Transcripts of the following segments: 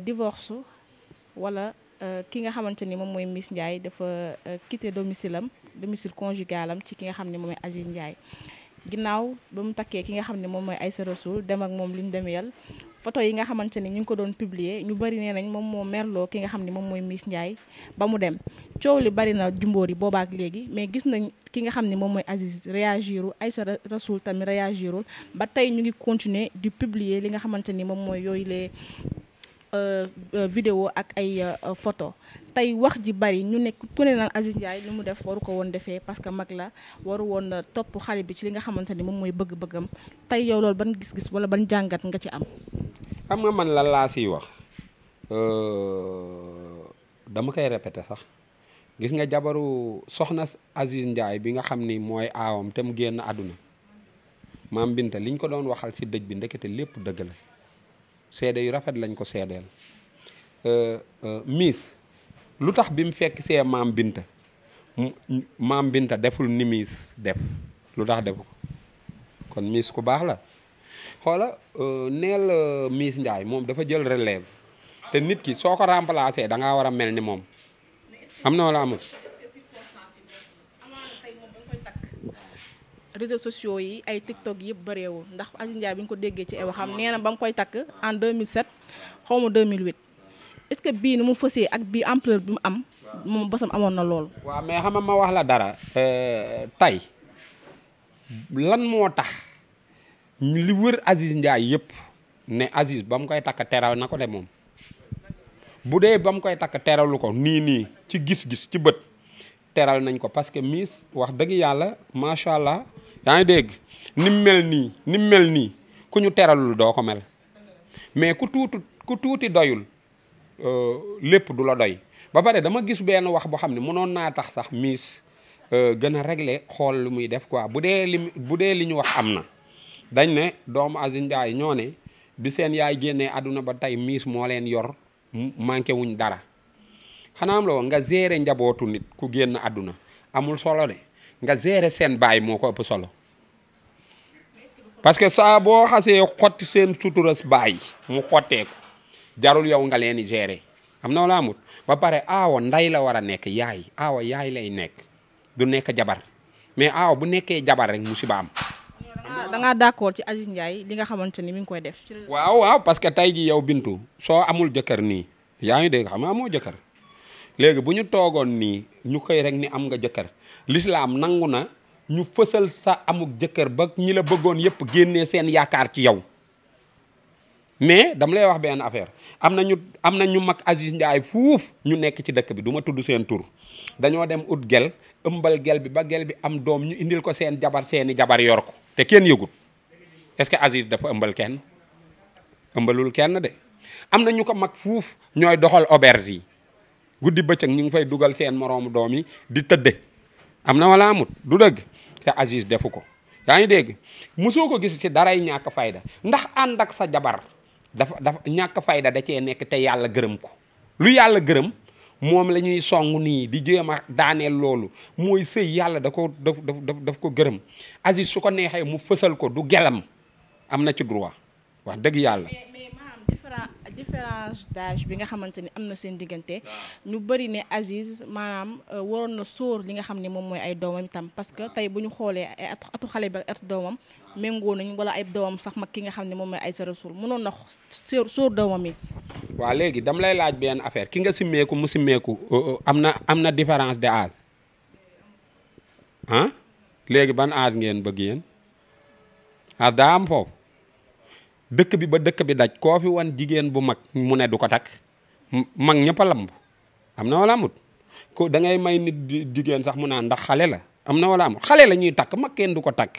divorce wala euh, ki nga xamante ni moom mooy Miss Ndiaye dafa euh, quitté domicile am domicile conjugal am ci ki nga xam ne moom mooy Aziz ginnaaw ba mu takkee ki nga xam ne moom mooy Aïssa Rassoul dem ak moom li ñu demeyal photo yi nga xamante ni ñu ngi ko doon publier ñu bari nee nañ moom moo merloo ki nga xam ne moom mooy Miss Ndiaye ba mu dem coow li bari na jumboor yi boobaak léegi mais gis nañ ki nga xam ne moom mooy agis Aziz ay Aïssa Rassoul tamit réagirul ba tey ñu ngi continuer di publier li nga xamante ni moom mooy yooyu les Euh, euh, vidéo ak ay euh, photo tey wax ji bari ñu nekk ku ne naan Aziz Ndiaye li mu def waru ko woon defee parce que mag la waru woon topp xale bi ci li nga xamante ni moom mooy bëgg-bëggam tey yow loolu ban gis-gis wala ban jàngat nga ci am. xam nga man lan laa siy wax dama koy répété sax gis nga jabaru soxna Aziz Ndiaye bi nga xam ni mooy aawam te mu génn àdduna maam Binta liñ ko doon waxal si dëj bi ndekete lépp dëgg la. seede yu rafet lañ ko seedeel euh, euh, miis lu tax bi mu fekk see maam Binta maam Binta deful ni miis def lu tax defu ko kon miis ku baax la xoola euh, neel miis Njaay moom dafa jël relève te nit ki soo ko remplacé da ngaa war a mel ni moom am na wala amul réseaux sociaux yi ay TikTok yëpp bëreewul ndax Aziz Ndiaye bi ñu ko déggee ci ay waxam nee na ba mu koy takk en 2007 xaw ma 2008 est-ce que bii ni mu fësee ak bii ampleur bi mu am moom bosam amoon na loolu. waa mais xam ma wax la dara euh, tey lan moo tax li wër Aziz Ndiaye yëpp ne Aziz ba mu koy takk teral na ko de moom bu dee ba mu koy takk teralu ko nii nii ci gis-gis ci bët. teral nañ ko parce que Miss wax dëgg yàlla macha allah yaa ngi dégg ni mel nii ni mu mel nii ku ñu teralul doo ko mel mais ku tuuti ku tuuti doyul euh, lépp du la doy ba pare dama gis benn wax boo xam ne mënoon naa tax sax miis euh, gën a regle xool lu muy def quoi bu dee li bu dee li ñu wax am na dañ ne doomu Aziz Ndiaye ñoo ne bi seen yaay génnee àdduna ba tey miis moo leen yor manqué wuñ dara xanaa am la woon nga gérer njabootu nit ku génn àdduna amul solo de nga gérer seen baay moo ko ëpp solo parce que saa boo xasee xotti seen suturas baay mu xotteeku jarul yow nga leen di gérer am na wala amut ba pare aawo nday la war a nekk yaay aawo yaay lay nekk du nekk jabar mais aawo bu nekkee jabar rek musiba am. Ah, da ngaa d'accord ci Aziz Ndiaye li nga xamante ni mi ngi koy def. waaw waaw parce que tey jii yow Bintu soo amul jëkkër nii yaa ngi dégg xam nga amoo jëkkër léegi bu ñu toogoon nii ñu koy rek ni am nga jëkkër. lislaam nangu na ñu fësal sa amuk jëkkër ba ñi la bëggoon yépp génnee seen yaakaar ci yow mais dama lay wax benn affaire am na ñu am na ñu mag Aziz Ndiaye fuuf ñu nekk ci dëkk bi duma tudd seen tur dañoo dem ut gel ëmbal gel bi ba gel bi am doom ñu indil ko seen jabar seeni jabar yor ko te kenn yëgut est-ce que Aziz dafa ëmbal kenn ëmbalul kenn de am na ñu ko mag fuuf ñooy doxal auberge yi guddi bëccëg ñu ngi fay dugal seen moroomu doom yi di tëdde am na wala amut du dëgg te Aziz defu ko yaa ngi dégg mosoo ko gis ci daray ñàkk fayda ndax ànd ak sa jabar dafa dafa ñàkk fayda da cee nekk te yàlla gërëm ko lu yàlla gërëm moom la ñuy song nii di jéem a daaneel loolu mooy sëy yàlla da ko daf ko gërëm Aziz su ko neexee mu fësal ko du gelam am na ci droit wax dëgg yàlla différence d'âge bi nga xamante ni am na seen diggante ñu bëri ne Aziz maanaam euh, waroon na sóor li nga xam ne moom mooy ay doomam itam parce que tey bu ñu xoolee ay atu xale bi at doomam méngoo nañ wala ay doomam sax mag ki nga xam ne moom mooy Aïssa Rassoul mënoon na sóor sóor doomam yi waaw léegi dam lay laaj benn affaire ki nga simmeeku mu simmeeku euh, euh, am na am na différence d'âge ah léegi ban âge ngeen bëgg yéen âge daa am foofu dëkk bi ba dëkk bi daj koo fi wan jigéen bu mag mu ne du ko takk mag ñëpp a lamb am na wala amut da ngay may nit jigéen sax mu naan ndax xale la am na wala xale la ñuy takk mag kenn du ko takk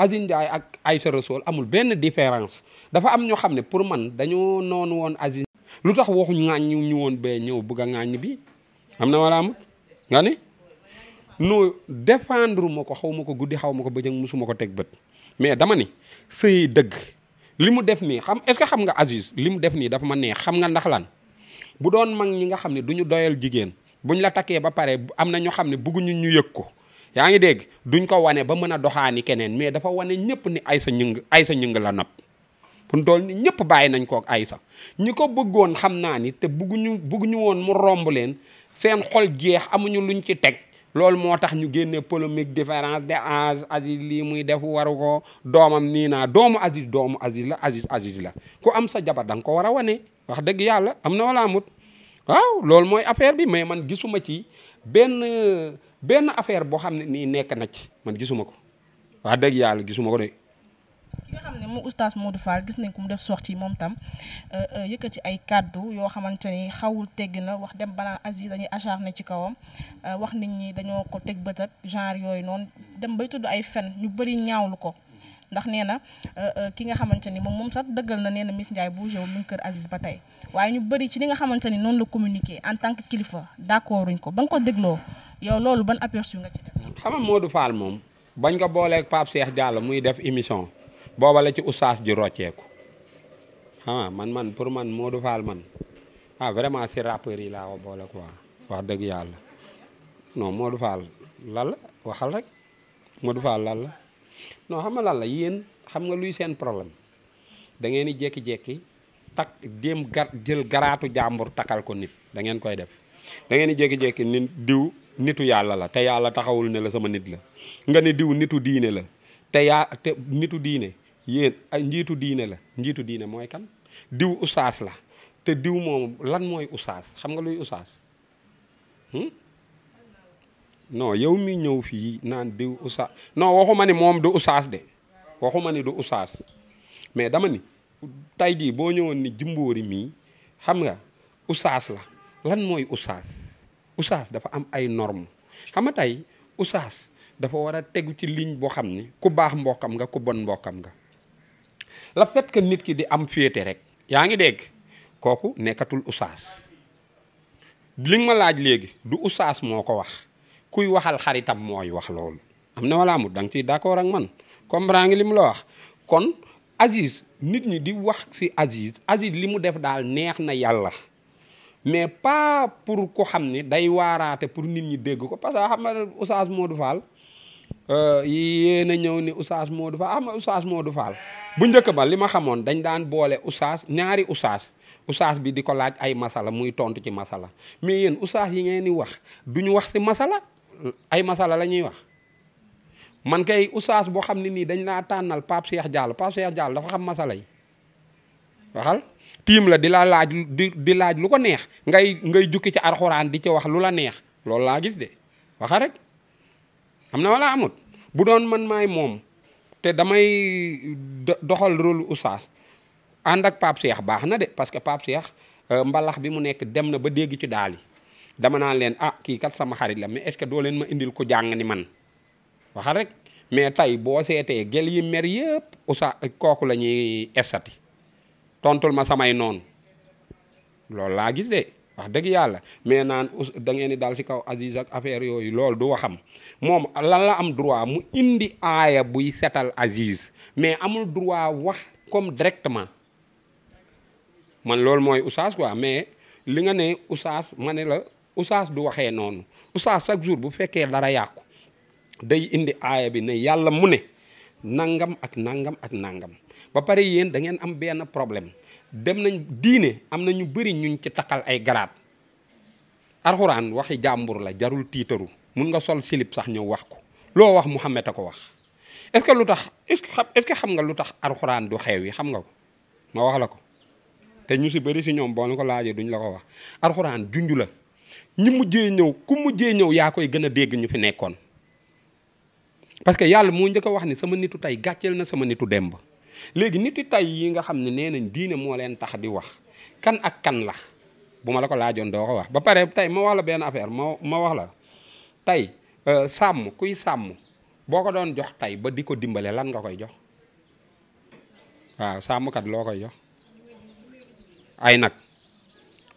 Aziz Ndiaye ak ay Rassoul amul benn différence dafa am ñoo xam ne pour man dañoo noonu woon Aziz lu tax waxu ŋaaññu ñu woon bee ñëw bëgg a ŋaaññ bi am na wala amut nga ne no défendre ma ko xaw ko guddi xaw ma ko bëccëg musuma ko teg bët mais dama ni sëy dëgg li mu def mii xam est-ce que xam nga Aziz li mu def nii dafa ma neex xam nga ndax lan bu doon mag ñi nga xam ne du ñu doyal jigéen buñ la takkee ba pare am na ñoo xam ne bëgguñu ñu yëg ko yaa ngi dégg duñ ko wane ba mën a doxaani keneen mais dafa wane ñëpp ni Aïssa Gningue Aïssa Gningue la nopp pour dool ni ñëpp bàyyi nañ kook Aïssa ñi ko bëggoon xam naa ni te bëgguñu bëgguñu woon mu romb leen seen xol jeex amuñu luñ ci teg loolu moo tax ñu génne polémique différence de Aziz Aziz lii muy def waru ko doomam nii naa doomu Aziz doomu Aziz la Aziz Aziz la ku am sa jabar da ko war a wane wax dëgg yàlla am na wala amut waaw loolu mooy affaire bi mais man gisuma ci benn benn affaire boo xam ne nii nekk na ci man gisuma ko wax dëgg yàlla gisuma ko de ki nga xam ne moom oustaz Modou gis nañ ko mu def sortie moom tam euh, euh, yëkkati ci ay kàddu yoo xamante ni xawul tegg na wax dem banaan Aziz dañuy acharné ci kawam euh, wax nit ñi dañoo ko teg bët ak genre yooyu noonu dem bay tudd ay fen ñu bëri ñaawlu ko ndax nee na ki nga xamante ni moom moom sax dëggal na nee na Miss Ndiaye bougé wu mu kër Aziz ba tey waaye ñu bëri ci li nga xamante ni noonu la communiqué en tant que kilifa d'accorduñ ko ba nga ko dégloo yow loolu ban aperçu nga ci def. xam nga Modou Fall moom bañ ko booleeg Pape Cheikh Diallo muy def émission. boobale ci oustaz ji rocceeku ah man man pour man Modou Fall man ah vraiment si rappeurs yi laa ko boole quoi wax dëgg yàlla non Modou Fall lan la waxal rek Modou Fall lan la non xam nga la yéen xam nga luy seen problème da ngeen di jékki-jékki tak dem gar jël garaatu jàmbur takal ko nit da ngeen koy def da ngeen di jékki-jékki nit diw nitu yàlla la te yàlla taxawul ne la sama nit la nga ne diw nitu diine la te yaa nitu diine yéen ay njiitu diine la njiitu diine mooy kan diw usaas la te diw moom lan mooy usaas xam nga luy usaas hmm? non yow mi ñëw fii naan diw usaas non waxuma ni moom du usaas de waxuma ni du usaas mais dama ni tey jii boo ñëwoon ni Jimbori mii xam nga usaas la lan mooy usaas usaas dafa am ay norme xam nga tey usaas dafa war a tegu ci ligne boo xam ni ku baax mbokkam nga ku bon mbokkam nga la fait que nit ki di am féete rek yaa ngi dégg kooku nekkatul usaas li ma laaj léegi du usaas moo ko wax kuy waxal xaritam mooy wax loolu am na wala amut da nga ciy ak man comprend ngi li mu la wax kon Aziz nit ñi di wax ci Aziz Aziz li mu def daal neex na yàlla mais pas pour ko xam ni day waaraate pour nit ñi dégg ko parce que xam nga Oustaz Modou Fall euh, yéen a ñëw ni Oustaz Modou Fall xam ah, nga Oustaz Modou Fall bu njëkk ba li ma xamoon dañ daan boole oustaz ñaari oustaz oustaz bi di ko laaj ay masala muy tontu ci masala mais yéen oustaz yi ngeen di wax ñu wax si masala ay masala la ñuy wax man kay oustaz boo xam ne nii dañ laa tànnal Pape Cheikh Diallo Pape Cheikh Diallo dafa xam masala yi waxal tiim la di la laaj di di laaj lu ko neex ngay ngay jukki ci arxuraan di ci wax lu la neex loolu laa gis de waxa rek am na wala amut bu doon man maay moom te damay doxal rôle oustaz ànd ak Pape Cheikh baax na de parce que Pape euh, mbalax bi mu nekk dem na ba dégg ci daal yi dama naan leen ah kii kat sama xarit la mais est-ce que doo leen ma indil ko jàng ni man waxal rek mais tey boo seetee gel yi mer yëpp oustaz euh, kooku la ñuy esati tontul ma samay noonu loolu laa gis de. wax dëgg yàlla mais naan da ngeen di daal ci kaw Aziz ak affaire yooyu loolu du waxam moom lan la am droit mu indi aaya buy setal Aziz mais amul droit wax comme directement man loolu mooy oustaz quoi mais li nga ne oustaz ma ne la oustaz du waxee noonu oustaz chaque jour bu fekkee dara yàqu day indi aaya bi ne yàlla mu ne nangam ak nangam ak nangam ba pare yéen da ngeen am benn problème dem nañ diine am na ñu bëri ñuñ ci takkal ay garaat arxuraan waxi jàmbur la jarul tiitaru mun nga sol silib sax ñëw wax ko loo wax Muhammad a ko wax est lu tax est xam nga lu tax arxuraan du xeew yi xam nga ko ma wax la ko te ñu si bëri si ñoom boo na ko laajee duñ la ko wax arxuraan junj la ñu mujjee ñëw ku mujjee ñëw yaa koy gën a dégg ñu fi nekkoon parce que yàlla moo njëkk wax ni sama nitu tey gàcceel na sama nitu demb léegi niti tay yi nga xam ne nee nañ diine moo leen tax di wax kan ak kan la bu ma la ko laajoon doo ko wax ba pare tey ma wax la benn affaire ma ma wax la tey euh, sàmm kuy sàmm boo ko doon jox tey ba di ko dimbale lan nga koy jox waaw sàmmkat loo koy jox ay nag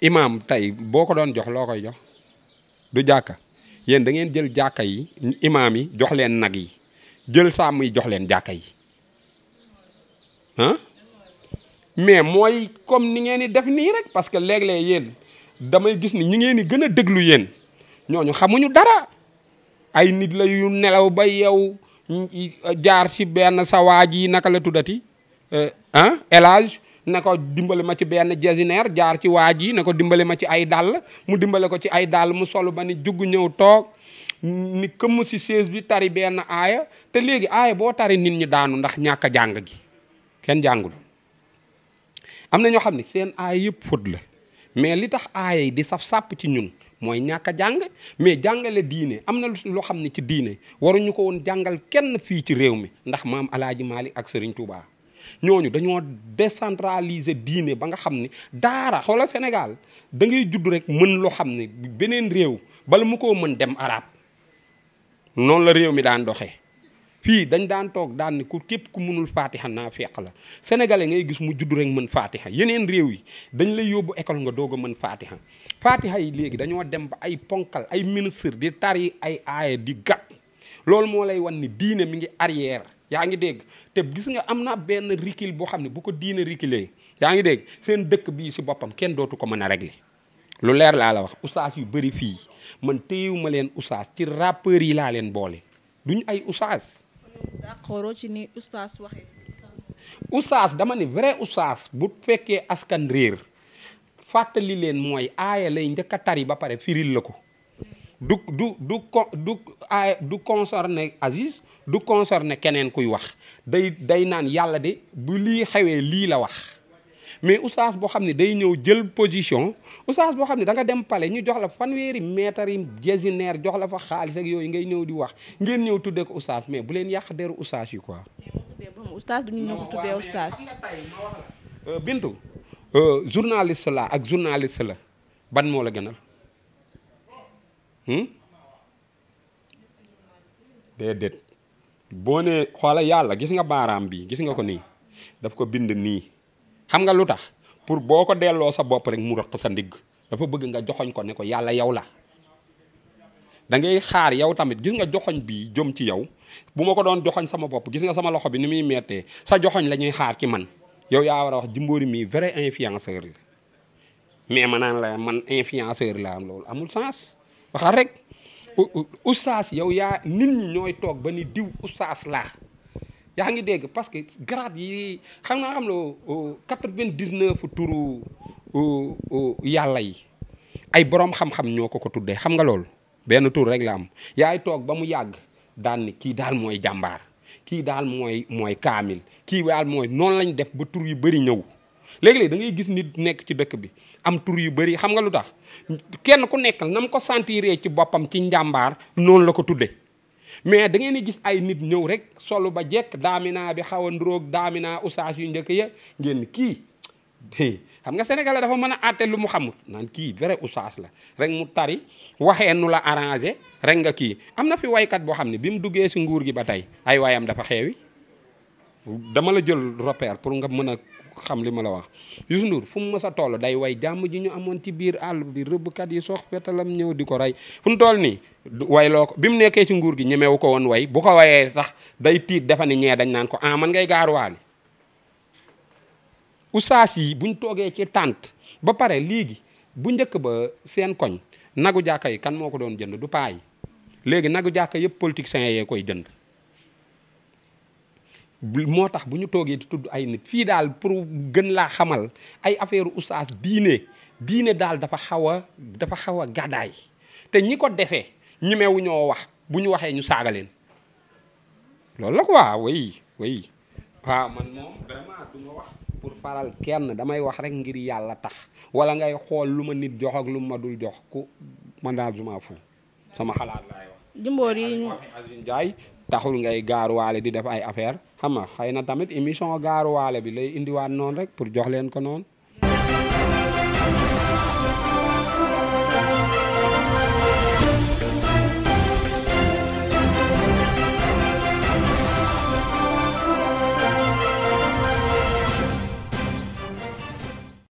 imaam tey boo ko doon jox loo koy jox du jàkka yéen dangeen ngeen jël jàkka yi imaam yi jox leen nag yi jël sàmm yi jox leen jàkka yi ah mais mooy comme ni ngeen di def nii rek parce que léeg-léeg yéen damay gis ni ñi ngeen di gën a déglu yéen ñooñu xamuñu dara ay nit la yu nelaw ba yow jaar ci benn sawaaj yi naka la tuddati ah euh, élage ne ko dimbali ma ci benn jasineer jaar ci waaj yi ne ko dimbali ma ci ay dàll mu dimbale ko ci ay dàll mu solu ba ni juggu ñëw toog ni këmm si chaise bi tari benn aaya te léegi aaya boo tari nit ñi daanu ndax ñàkk jàng gi kenn jàngul am na ñoo xam ne seen aay yëpp fóot la mais li tax aaya yi di saf sàpp ci ñun mooy ñàkk jàng mais jàngale diine am na loo xam ne ci diine waruñu ko woon jàngal kenn fii ci réew mi ndax maam alaaji Malick ak sëriñ Touba ñooñu dañu dañoo décentraliser diine ba nga xam ni daara xoola senegal da ngay judd rek mën loo xam ne beneen réew bala mu ko mën dem arab noonu la réew mi daan doxee fii dañ daan toog daan ni ku képp ku mënul faatiha naa feq la sénégalais ngay gis mu juddu rek mën faatiha yeneen réew yi dañ lay yóbbu école nga doog a mën faatiha faatiha yi léegi dañoo dem ba ay ponkal ay ministre di tari ay aaya di gàtt loolu moo lay wan ni diine mi ngi arrière yaa ngi dégg te gis nga am na benn rikil boo xam ne bu ko diine rikilee yaa ngi dégg seen dëkk bii si boppam kenn dootu ko mën a régler lu leer laa la wax oustaz yu bëri fii man téyewu ma leen oustaz ci rappeurs yi laa leen boole d'accord ci ni oustaz waxee. dama ni vrai oustaz bu fekkee askan réer fàttali leen mooy aaya lay njëkk tari ba pare firil la ko du du du ko du aaya du concerné Aziz keneen kuy wax day day naan yàlla de bu lii xewee lii la wax. mais oustaz boo xam ne day ñëw jël position oustaz boo xam ne danga dem pale ñu jox la fanweeri mètre yi jox la fa xaalis ak yooyu ngay ñëw di wax ngeen ñëw tuddee ko oustaz mais bu leen yàq deru oustaz yu quoi. oustaz duñu ñëw ko tuddee euh, Bintu euh, journaliste la ak journaliste la ban moo la gënal. Hmm? déedéet boo ne xoola yàlla gis nga baaraam bi gis nga ko nii daf ko bind nii. xam nga lu tax pour boo ko delloo sa bopp rek mu rëq sa ndigg dafa bëgg nga joxoñ ko ne ko yàlla yow la da ngay xaar yow tamit gis nga joxoñ bi jëm ci yow bu ma ko doon joxoñ sama bopp gis nga sama loxo bi ni muy mettee sa joxoñ la ñuy xaar ci man yow yaa war a wax Jimbori mii vrai influenceur la mais ma naan la man influenceur la loolu amul sens waxal rek oustaz yow yaa nit ñi ñooy toog ba ni diw oustaz laa yaa ngi dégg parce que grade yi xam nga xam la euh, quatre-vingt-dix-neuf turu euh, euh, yàlla yi ay borom xam-xam ñoo ko ko tuddee xam nga loolu benn tur rek la am yaay toog ba mu yàgg daal ni kii daal mooy jàmbaar kii daal mooy mooy kaamil kii daal mooy noonu lañ def ba tur yu bëri ñëw léegi-léegi da ngay gis nit nekk ci dëkk bi am tur yu bëri xam nga lu tax kenn ku nekkal nam ko sentiree ci boppam ci njàmbaar noonu la ko tudde mais da ngeen di gis ay nit ñëw rek solu ba jekk daamina bi xaw a ndróog daamina oustaz yu njëkk ya ngeen kii xam nga sénégalais dafa mën a àtte lu mu xamul naan kii vrai oustaz la rek mu tari waxee nu la arrangé rek nga kii am na fi waykat boo xam ne bi mu duggee si nguur gi ba tey ay waayam dafa xeewi dama la jël repère pour nga mën a xam li ma la wax Youssou Ndour fu mu mës a toll day way jàmm ji ñu amoon ci biir àll bi rëbbkat yi sox fetalam ñëw di ko rey fu mu toll nii way loo ko bi mu nekkee ci nguur gi ñemewu ko woon way bu ko wayee sax day tiit dafa ni ñee dañ naan ko ah man ngay gaaruwaali usaas yi buñ toogee ci tànt ba pare léegi bu njëkk ba seen koñ nagu jàkka yi kan moo ko doon jënd du paa léegi nagu jàkka yëpp politiciens yee koy jënd moo tax bu ñu toogee di tudd ay nit fii daal pour gën laa xamal ay affaire oustaz diine diine daal dafa xaw a dafa xaw a gàddaay te ñi ko dese ñemewu ñoo wax bu ñu waxee ñu saaga leen loolu la quoi oui oui waaw man moom du ma wax pour faral kenn damay wax rek ngir yàlla tax wala ngay xool lu ma nit jox ak lu ma dul jox ku man daal duma fu sama xalaat laay wax. jimboor yi ñu taxul ngay gaaruwaale di def ay affaire xam nga xëy na tamit émission gaaruwaale bi lay indiwaan noon rek pour jox leen ko noonu.